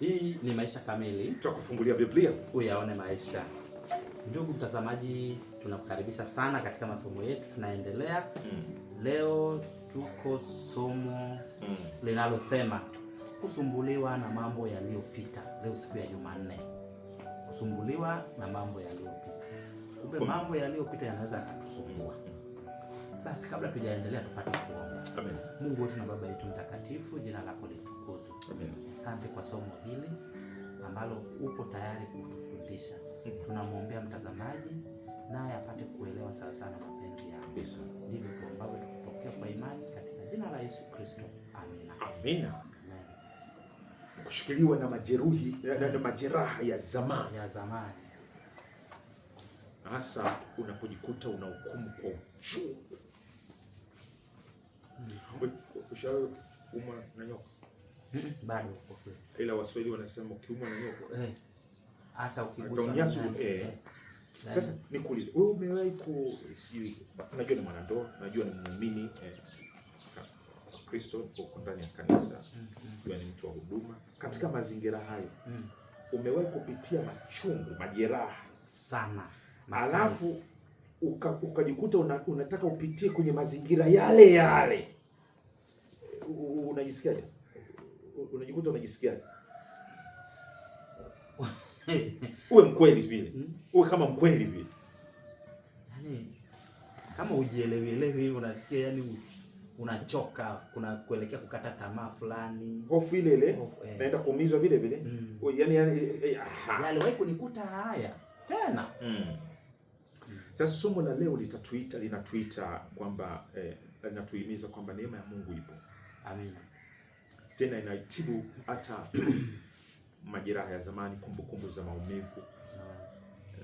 Hii ni Maisha Kamili, tutakufungulia Biblia uyaone maisha. Ndugu mtazamaji, tunakukaribisha sana katika masomo yetu, tunaendelea mm. Leo tuko somo mm. linalosema kusumbuliwa na mambo yaliyopita. Leo siku ya Jumanne, kusumbuliwa na mambo yaliyopita. Kumbe mambo yaliyopita yanaweza yakatusumbua mm. Basi kabla tujaendelea tupate kuomba. Amen. Mungu wetu na Baba yetu mtakatifu, jina lako litukuzwe. Amen. Asante kwa somo hili ambalo upo tayari kutufundisha. Mm-hmm. Tunamwombea mtazamaji naye apate kuelewa sana sana mapenzi yako. Yes. Ndivyo tuombavyo tukipokea kwa imani katika jina la Yesu Kristo. Amina. Amina. Kushikiliwa na majeruhi na, na majeraha ya zamani ya zamani, hasa unapojikuta unahukumu kwa uchungu Ushawahi kuumwa na nyoka? Bado Ila Waswahili wanasema ukiumwa na nyoka eh, hata ukiguswa. Eh. Sasa nikuulize, wewe umewahi ku si unajua ni mwanandoa, najua ni muumini eh, Kristo uko ndani ya kanisa, unajua hmm, ni hmm. mtu wa huduma. Katika hmm. mazingira hayo umewahi kupitia machungu, majeraha sana, alafu uka, ukajikuta una, unataka upitie kwenye mazingira yale yale, unajisikiaje? Unajikuta unajisikiaje? uwe mkweli vile hmm? Uwe kama mkweli vile yani, kama elewi hivi, unasikia yani unachoka, kuna kuelekea kukata tamaa fulani, hofu ile ile, eh. naenda kuumizwa vile vile, hmm. yani yani, eh, eh, ah. wahi kunikuta haya tena mm. Sasa somo la leo litatuita linatuita kwamba eh, linatuhimiza kwamba neema ya Mungu ipo. Amina. Tena inaitibu hata majeraha ya zamani, kumbukumbu za maumivu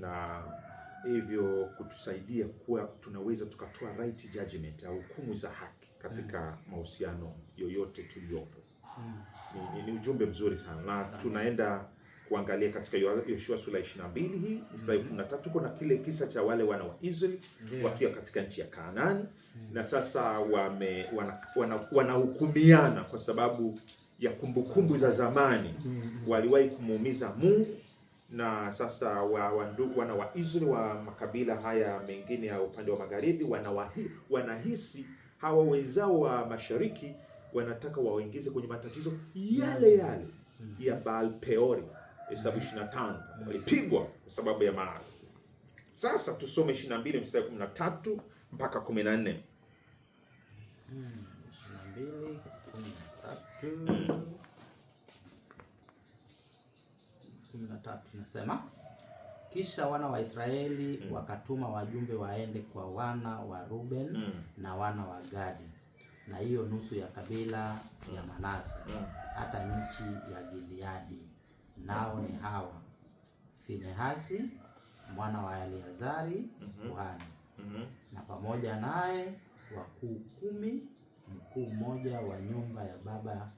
na hivyo kutusaidia kuwa tunaweza tukatoa right judgment au hukumu za haki katika mm. mahusiano yoyote tuliyopo. Mm. Ni, ni, ni ujumbe mzuri sana na tunaenda kuangalia katika Yoshua sura 22 hii mstari 13, tuko mhm. na kile kisa cha wale wana wa Israeli wakiwa katika nchi ya Kanaani, mhm. na sasa wame wanahukumiana wana, wana kwa sababu ya kumbukumbu za zamani mhm. waliwahi kumuumiza Mungu, na sasa wa, wa, wana wa Israeli wa makabila haya mengine ya upande wa magharibi wanawahi, wanahisi hawa wenzao wa mashariki wanataka wawaingize kwenye matatizo yale yale ya Baal Peori Hesabu 25 walipigwa kwa sababu ya maasi. Sasa tusome 22 mstari 13 mpaka 14. Hmm, 22 nasema kisha wana wa Israeli mm. wakatuma wajumbe waende kwa wana wa Ruben mm. na wana wa Gadi na hiyo nusu ya kabila ya mm. Manase hata nchi ya Gileadi nao ni hawa Finehasi mwana wa Eleazari mhm. kuhani mm -hmm. na pamoja naye wakuu kumi, mkuu mmoja wa nyumba ya baba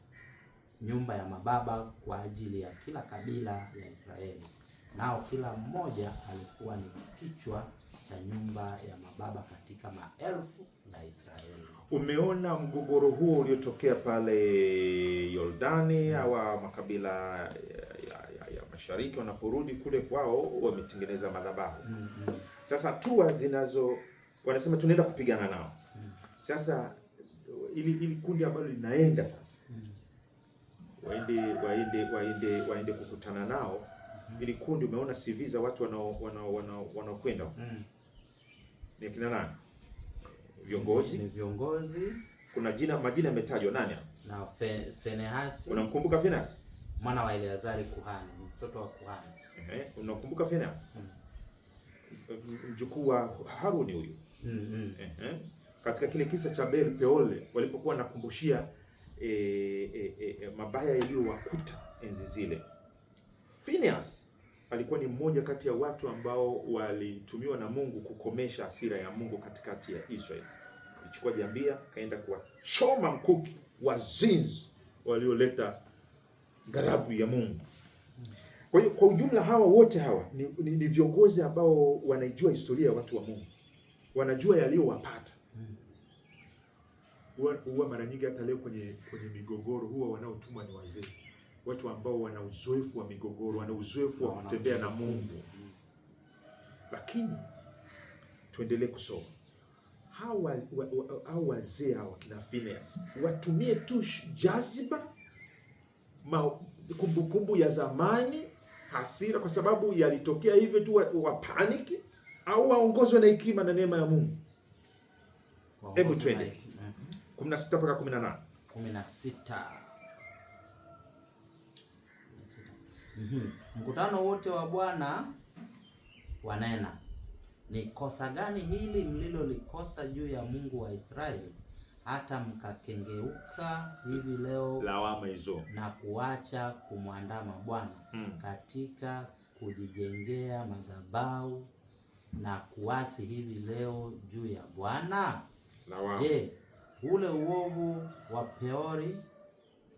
nyumba ya mababa kwa ajili ya kila kabila ya Israeli, nao kila mmoja alikuwa ni kichwa cha nyumba ya mababa katika maelfu ya Israeli. Umeona mgogoro huo uliotokea pale Yordani, mm. hawa makabila ya, ya, ya mashariki wanaporudi kule kwao wametengeneza madhabahu mm -hmm. Sasa hatua zinazo wanasema tunaenda kupigana nao mm -hmm. Sasa ili, ili kundi ambalo linaenda sasa -hmm. waende waende waende waende kukutana nao -hmm. Ili kundi umeona CV za watu wanaokwenda wanao, wanao, wanao ni kina nani? Viongozi, ni viongozi. Kuna jina majina yametajwa nani hapo? Na fe, Finehasi. Unamkumbuka Finehasi? Mwana wa Eleazari kuhani, mtoto wa kuhani. Eh, unakumbuka Finehasi? Hmm. Mjukuu wa Haruni huyu. Mm -hmm. Eh, katika kile kisa cha Bel Peol walipokuwa nakumbushia e, eh, e, eh, e, eh, mabaya yaliyowakuta enzi zile Finehasi alikuwa ni mmoja kati ya watu ambao walitumiwa na Mungu kukomesha hasira ya Mungu katikati ya Israeli. Alichukua jambia akaenda kuwachoma mkuki wazinzi walioleta ghadhabu ya Mungu. Kwa hiyo kwa ujumla hawa wote hawa ni, ni, ni viongozi ambao wanaijua historia ya watu wa Mungu, wanajua yaliyowapata. Huwa mara nyingi hata leo kwenye kwenye migogoro huwa wanaotumwa ni wazee watu ambao wana uzoefu wa migogoro, wana uzoefu wa kutembea na Mungu. Lakini tuendelee kusoma hao wazee hawa kina Phineas watumie tu jaziba, kumbukumbu ya zamani, hasira, kwa sababu yalitokea hivyo tu, wapaniki wa au waongozwe na hekima na neema ya Mungu. Hebu twende 16 mpaka 18 16 -hmm. mkutano wote wa Bwana wanena, ni kosa gani hili mlilolikosa juu ya Mungu wa Israeli hata mkakengeuka hivi leo lawama hizo na kuacha kumwandama Bwana mm. katika kujijengea madhabahu na kuasi hivi leo juu ya Bwana? Je, ule uovu wa Peori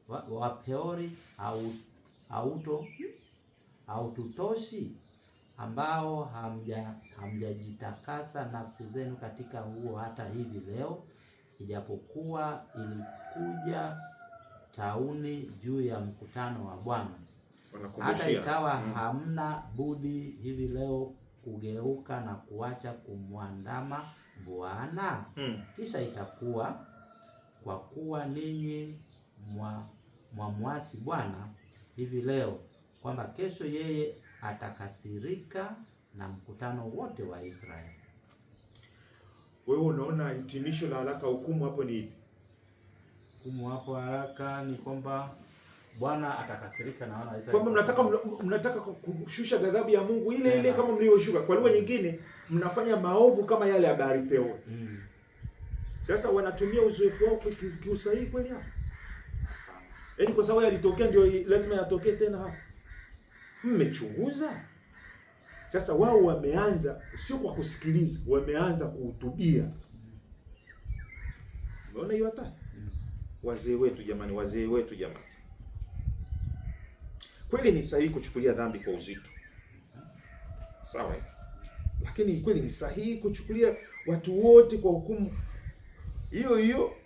wa, wa Peori au auto haututoshi ambao hamja hamjajitakasa nafsi zenu katika huo hata hivi leo, ijapokuwa ilikuja tauni juu ya mkutano wa Bwana, hata ikawa mm. hamna budi hivi leo kugeuka na kuacha kumwandama Bwana. Hmm. Kisha itakuwa kwa kuwa ninyi mwamwasi Bwana hivi leo kwamba kesho yeye atakasirika na mkutano wote wa Israeli. Wewe unaona hitimisho la haraka hukumu hapo ni ipi? Hukumu hapo haraka ni kwamba Bwana atakasirika na wana Israeli. Kwamba mnataka mnataka kushusha ghadhabu ya Mungu ile ile kama mlioshuka. Kwa lugha mm. nyingine mnafanya maovu kama yale ya bahari Mm. Sasa wanatumia uzoefu wao kiusahihi kweli hapo? Yaani kwa sababu yalitokea ndio lazima yatokee tena hapa. Mmechunguza? Sasa wao wameanza sio kwa kusikiliza, wameanza kuhutubia. Unaona hiyo hata? Wazee wetu jamani, wazee wetu jamani. Kweli ni sahihi kuchukulia dhambi kwa uzito. Sawa? Eh? Lakini kweli ni sahihi kuchukulia watu wote kwa hukumu hiyo hiyo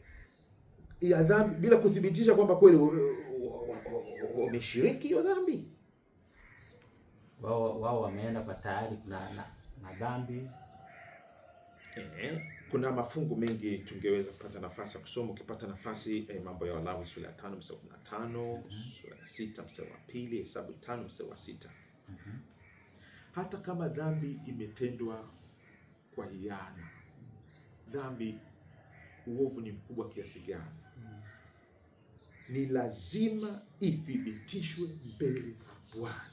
ya dhambi bila kuthibitisha kwamba kweli uh, uh, uh, wameshiriki hiyo dhambi. Wao wao wameenda kwa tayari na, na, na dhambi eh. Kuna mafungu mengi tungeweza kupata nafasi ya kusoma. Ukipata nafasi eh, mambo ya Walawi sura ya 5 mstari wa 15, mm -hmm. sura ya 6 mstari wa 2, Hesabu 5 mstari wa 6. mm -hmm. Hata kama dhambi imetendwa kwa hiana, dhambi, uovu ni mkubwa kiasi gani ni lazima ithibitishwe mbele za Bwana,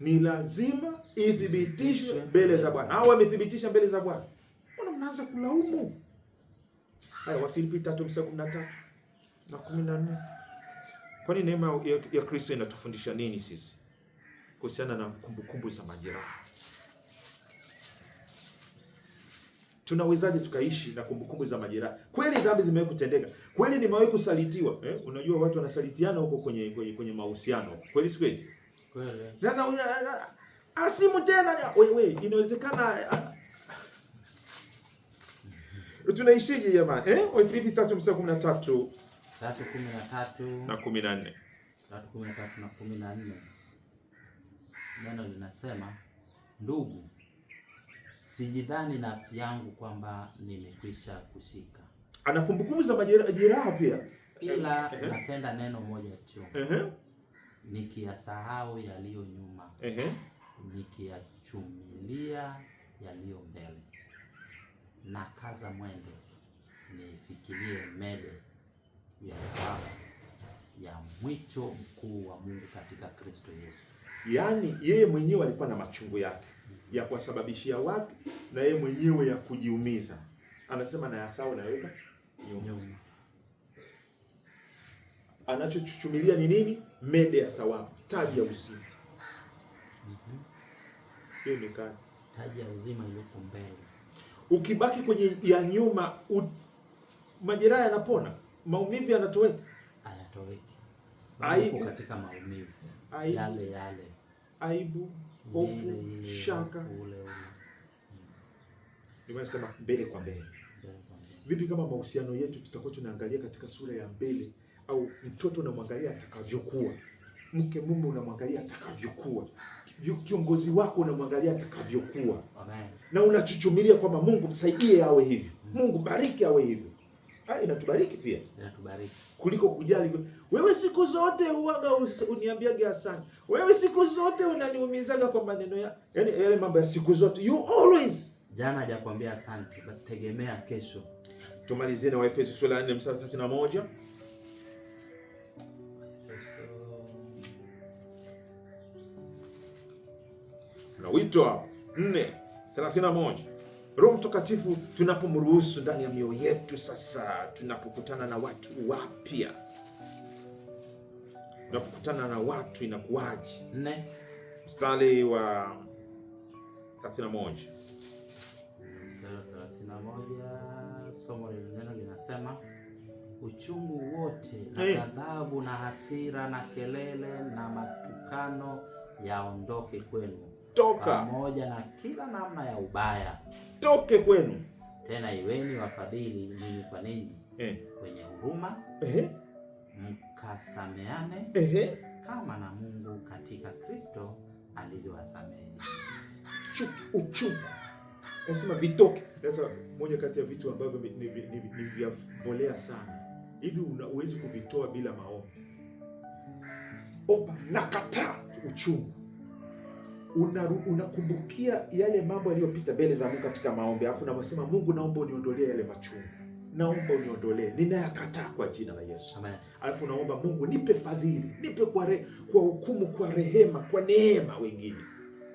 ni lazima ithibitishwe mbele za Bwana. Hao wamethibitisha mbele za Bwana, mbona mnaanza kulaumu? Haya, Wafilipi 3:13 na 14. Kwani neema ya Kristo inatufundisha nini sisi kuhusiana na kumbukumbu za majeraha? tunawezaje tukaishi na kumbukumbu za majeraha? Kweli dhambi zimewahi kutendeka, kweli nimewahi kusalitiwa eh? Unajua watu wanasalitiana huko kwenye kwenye, kwenye mahusiano, kweli si kweli? Sasa eh, eh, asimu ah, tena wewe, inawezekana eh, ah. tunaishije jamani eh? Wafilipi 3 mstari 13 3:13 na 14 3:13 na 14 neno linasema ndugu sijidhani nafsi yangu kwamba nimekwisha kushika. Ana kumbukumbu za majeraha pia, ila uh -huh. natenda neno moja tu uh -huh. nikiyasahau yaliyo nyuma uh -huh. nikiyachumilia yaliyo mbele na kaza mwendo nifikirie mbele ya ya mwito mkuu wa Mungu katika Kristo Yesu. Yaani yeye mwenyewe alikuwa na machungu yake ya kuwasababishia watu na yeye mwenyewe ya kujiumiza. Anasema na yasao naweka nyuma. Anachochuchumilia ni nini? Mede ya thawabu, taji ya uzima. Mhm. Hiyo ni kazi, taji ya uzima iliyopo mbele. Ukibaki kwenye ya nyuma, majeraha yanapona, maumivu yanatoweka, hayatoweki, aibu katika maumivu yale yale aibu, hofu, shaka. Nimesema nasema mbele kwa mbele. Vipi kama mahusiano yetu tutakuwa tunaangalia katika sura ya mbele, au mtoto unamwangalia atakavyokuwa, mke mume unamwangalia atakavyokuwa, kiongozi wako unamwangalia atakavyokuwa, na unachuchumilia kwamba Mungu msaidie awe hivyo, Mungu bariki awe hivyo ah, inatubariki pia, inatubariki kuliko kujali wewe. Siku zote huwaga uniambiage asante wewe, siku zote unaniumizaga kwa maneno ya yani, yale mambo ya siku zote, you always. Jana hajakwambia asante, basi tegemea kesho. Tumalizie na Waefeso sura ya 4 mstari 31 na wito 4 31 Roho Mtakatifu tunapomruhusu ndani ya mioyo yetu, sasa tunapokutana na watu wapya, tunapokutana na watu inakuwaje? Ne, mstari wa 31 mstari wa 31, somo la neno linasema uchungu wote na ghadhabu na hasira na kelele na matukano yaondoke kwenu toka, pamoja na kila namna ya ubaya, toke kwenu. Tena iweni wafadhili ninyi kwa ninyi eh, kwenye huruma eh, mkasameane eh, kama na Mungu katika Kristo alivyowasamehe. Chuki nasema vitoke. Sasa moja kati ya vitu ambavyo ni vya mbolea sana hivi, huwezi kuvitoa bila maombi. Omba, nakataa uchungu unakumbukia una yale mambo yaliyopita mbele za Mungu katika maombi, alafu unasema Mungu, naomba uniondolee yale machungu, naomba uniondolee, ninayakataa kwa jina la Yesu. Amen. Alafu unaomba Mungu, nipe fadhili, nipe kwa re, kwa hukumu, kwa rehema, kwa neema wengine,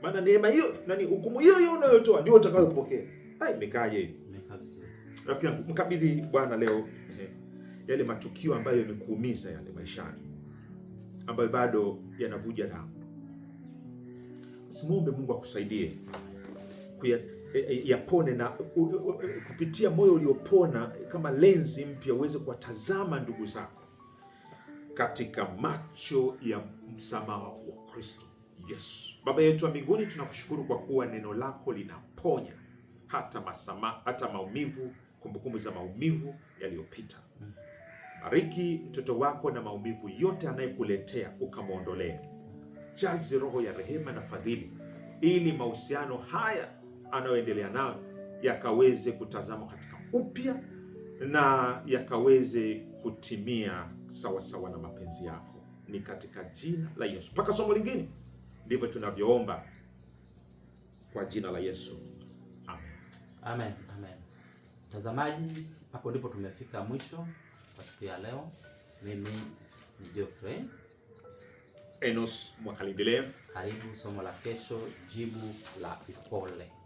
maana neema hiyo nani, hukumu hiyo hiyo unayotoa ndio utakayopokea. Hai, imekaaje? Rafiki yangu, mkabidhi Bwana leo yale matukio ambayo yamekuumiza yale maishani, ambayo bado yanavuja damu simuombe Mungu akusaidie eh, eh, yapone na u, u, u, kupitia moyo uliopona kama lenzi mpya uweze kuwatazama ndugu zako katika macho ya msamaha wa Kristo Yesu. Baba yetu wa mbinguni, tunakushukuru kwa kuwa neno lako linaponya hata masama, hata maumivu, kumbukumbu za maumivu yaliyopita. Bariki mtoto wako na maumivu yote anayekuletea ukamwondolee mjaze roho ya rehema na fadhili, ili mahusiano haya anayoendelea nayo yakaweze kutazama katika upya na yakaweze kutimia sawasawa sawa na mapenzi yako, ni katika jina la Yesu. Mpaka somo lingine, ndivyo tunavyoomba kwa jina la Yesu, amen, amen, amen. Mtazamaji, hapo ndipo tumefika mwisho kwa siku ya leo. Mimi ni Geoffrey Enos Mwakalindelea. Karibu somo la kesho, jibu la upole.